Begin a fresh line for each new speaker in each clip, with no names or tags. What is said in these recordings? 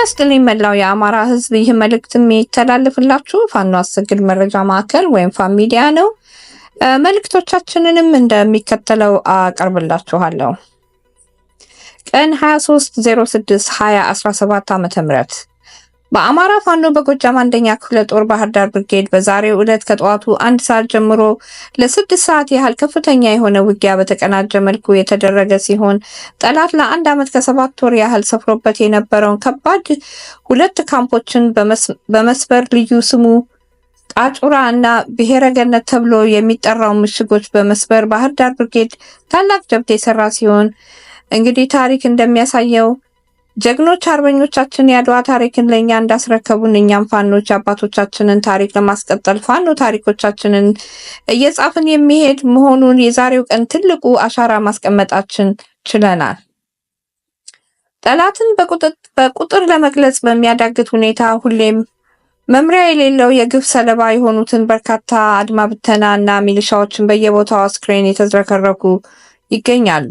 ጤና ይስጥልኝ መላው የአማራ ህዝብ። ይህ መልእክት የሚተላለፍላችሁ ፋኖ አሰግድ መረጃ ማዕከል ወይም ፋን ሚዲያ ነው። መልእክቶቻችንንም እንደሚከተለው አቀርብላችኋለሁ። ቀን 23 06 2017 ዓ ም በአማራ ፋኖ በጎጃም አንደኛ ክፍለ ጦር ባህር ዳር ብርጌድ በዛሬው ዕለት ከጠዋቱ አንድ ሰዓት ጀምሮ ለስድስት ሰዓት ያህል ከፍተኛ የሆነ ውጊያ በተቀናጀ መልኩ የተደረገ ሲሆን ጠላት ለአንድ ዓመት ከሰባት ወር ያህል ሰፍሮበት የነበረውን ከባድ ሁለት ካምፖችን በመስበር ልዩ ስሙ ቃጩራ እና ብሔረ ገነት ተብሎ የሚጠራው ምሽጎች በመስበር ባህር ዳር ብርጌድ ታላቅ ጀብት የሰራ ሲሆን እንግዲህ ታሪክ እንደሚያሳየው ጀግኖች አርበኞቻችን የአድዋ ታሪክን ለእኛ እንዳስረከቡን እኛም ፋኖች አባቶቻችንን ታሪክ ለማስቀጠል ፋኖ ታሪኮቻችንን እየጻፍን የሚሄድ መሆኑን የዛሬው ቀን ትልቁ አሻራ ማስቀመጣችን ችለናል። ጠላትን በቁጥር ለመግለጽ በሚያዳግት ሁኔታ ሁሌም መምሪያ የሌለው የግፍ ሰለባ የሆኑትን በርካታ አድማ ብተና እና ሚሊሻዎችን በየቦታው አስክሬን የተዝረከረኩ ይገኛሉ።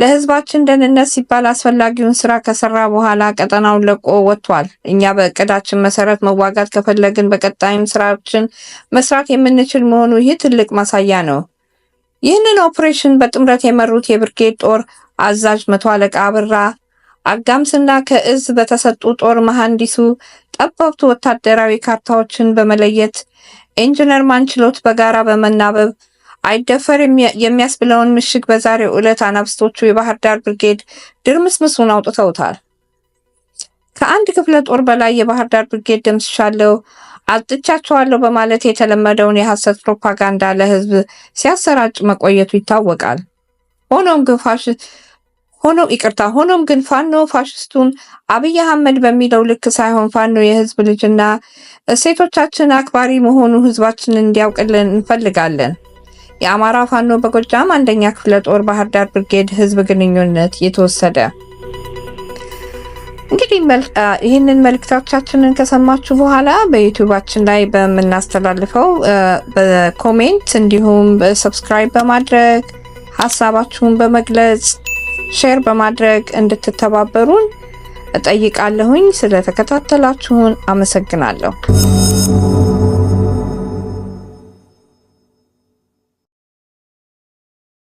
ለህዝባችን ደህንነት ሲባል አስፈላጊውን ስራ ከሰራ በኋላ ቀጠናውን ለቆ ወጥቷል። እኛ በእቅዳችን መሰረት መዋጋት ከፈለግን በቀጣይም ስራችን መስራት የምንችል መሆኑ ይህ ትልቅ ማሳያ ነው። ይህንን ኦፕሬሽን በጥምረት የመሩት የብርጌድ ጦር አዛዥ መቶ አለቃ አብራ አጋምስና ከእዝ በተሰጡ ጦር መሐንዲሱ ጠበብቱ ወታደራዊ ካርታዎችን በመለየት ኢንጂነር ማንችሎት በጋራ በመናበብ አይደፈር የሚያስብለውን ምሽግ በዛሬው ዕለት አናብስቶቹ የባህር ዳር ብርጌድ ድርምስምሱን አውጥተውታል። ከአንድ ክፍለ ጦር በላይ የባህር ዳር ብርጌድ ደምስሻለሁ፣ አጥቻቸዋለሁ በማለት የተለመደውን የሐሰት ፕሮፓጋንዳ ለህዝብ ሲያሰራጭ መቆየቱ ይታወቃል። ሆኖም ግን ሆኖም ይቅርታ ሆኖም ግን ፋኖ ፋሽስቱን አብይ አህመድ በሚለው ልክ ሳይሆን ፋኖ የህዝብ ልጅና እሴቶቻችን አክባሪ መሆኑ ህዝባችንን እንዲያውቅልን እንፈልጋለን። የአማራ ፋኖ በጎጃም አንደኛ ክፍለ ጦር ባህር ዳር ብርጌድ ህዝብ ግንኙነት የተወሰደ። እንግዲህ ይህንን መልእክቶቻችንን ከሰማችሁ በኋላ በዩቲዩባችን ላይ በምናስተላልፈው በኮሜንት እንዲሁም በሰብስክራይብ በማድረግ ሀሳባችሁን በመግለጽ ሼር በማድረግ እንድትተባበሩን እጠይቃለሁኝ። ስለተከታተላችሁን አመሰግናለሁ።